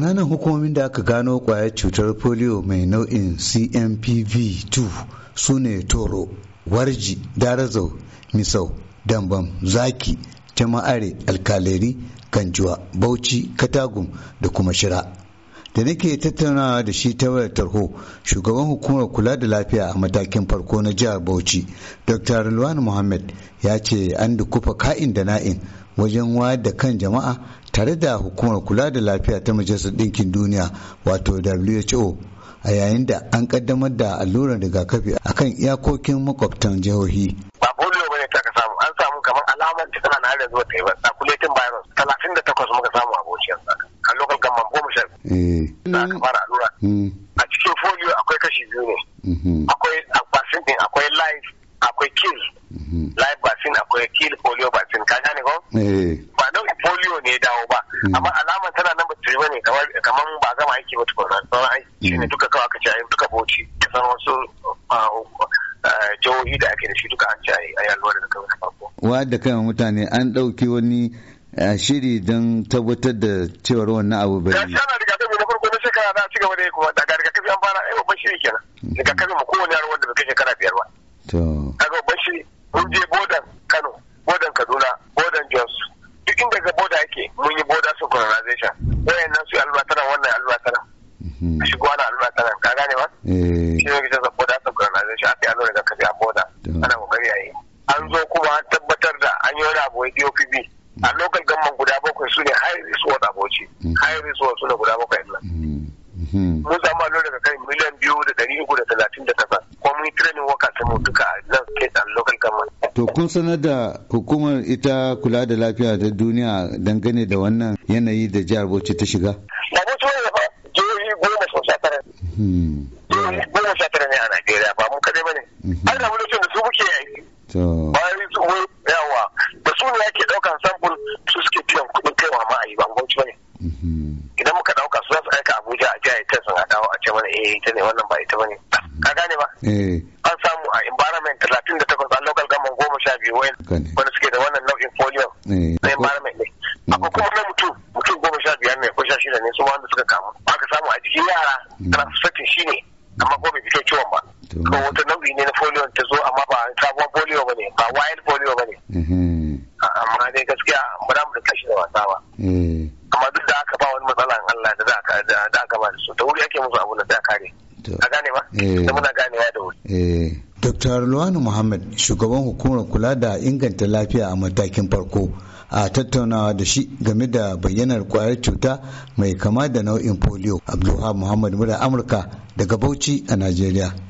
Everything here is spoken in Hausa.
kananan hukumomin da aka gano kwayar cutar polio mai nau'in cmpv 2 su ne toro warji darazau misau dambam zaki jama'are alkaleri kanjuwa bauchi katagum da kuma shira da nake tattaunawa da shi ta wayar tarho shugaban hukumar kula da lafiya a matakin farko na jihar bauchi dr alwani muhammad ya ce an dukufa ka'in da na'in wajen wayar da kan jama'a tare da hukumar kula da lafiya ta majalisar ɗinkin duniya wato who a yayin da an kaddamar da allurar rigakafi a kan iyakokin makwabtan jihohi. ba polio bane ta ka samu an samu kamar alamar da tana na zuwa ta yi ba circulating virus talatin da takwas muka samu a bociyar a local gamman goma sha biyu da eh. fara allura mm. a cikin folio akwai kashi biyu ne mm-hmm. akwai kill mhm. live vaccine akwai kill polio vaccine ka gane ko eh. ba don polio ne dawo ba hmm. amma alamar tana nan ba ta yi ba ne kamar ba gama aiki ba tukuna sauran aiki ne hmm. duka kawai aka ce duka boci da san wasu eh, jihohi da ake da shi duka an ce a yalwar da kawai na farko. Wadda kan mutane an ɗauki wani eh, shiri don tabbatar da cewar wannan abu bai. Gashi ana rigakafi na farko na shekara na cigaba da yi kuma daga rigakafi an fara ai babban shiri kenan. Hmm. Rigakafi ma kowane yaro wanda bai kai shekara biyar. Daga bashi mun je bodan Kano, bodan Kaduna, bodan Jos. Duk inda ga boda yake mun yi boda synchronization. Wayan nan su yi albatara wannan albatara. Mhm. Shigo ana albatara ka gane ba? Eh. Shi ne kisa sa boda synchronization aka yi alwari da kafi a boda. Ana kokari a yi. An zo kuma an tabbatar da an yi wani abu ya bi. A lokal gamman guda bakwai su ne high risk ward aboci. Mm. High risk ward su ne guda bakwai nan. Mm. Mm-hmm. Mun samu alwari daga kai miliyan biyu da dari uku da talatin da takwas. Kuma mun yi training workers mu To kun sanar da hukumar ita kula da lafiya ta duniya dangane da wannan yanayi da jihar Bauchi ta shiga? Ba Bauchi wani ba, jihohi goma sha tara. Hmm, jihohi goma sha tara ne a Najeriya ba mu kaɗai ba ne. Hmm. An da wani da su muke yi. Bayan su wai yawa da su ne ake ɗaukan samfur su suke biyan kuɗin kai ma a yi ba Bauchi ba ne. Hmm. Idan muka ɗauka su za su aika Abuja a jihar ta sun dawo a ce mana eh ita ne wannan ba ita ba ne. Ka gane ba? Eh. An samu a environment talatin da wani suke da wannan nau'in eh, ne na environment ne akwai kuma na mutum mutum goma sha biyar ne ko sha shida ne su wanda suka kamu aka samu a jikin yara transfecting mm. shi ne amma ko bai fito ciwon ba ko wata nau'i ne na folio ta zo amma ba sabuwar folio ba ne ba wild folio ba ne mm-hmm. amma dai gaskiya ba za mu da kashi da wasa ba eh. amma duk da aka ba wani matsala in Allah da da aka ba da su da wuri ake musu abu da ta kare a gane ba eh. da muna ganewa da wuri Dr. Luwanu Muhammad shugaban hukumar kula da inganta lafiya a matakin farko a tattaunawa da shi game da bayyanar kwayar cuta mai kama da nau'in polio. Abdulhab Muhammad Mura Amurka daga Bauchi a Najeriya.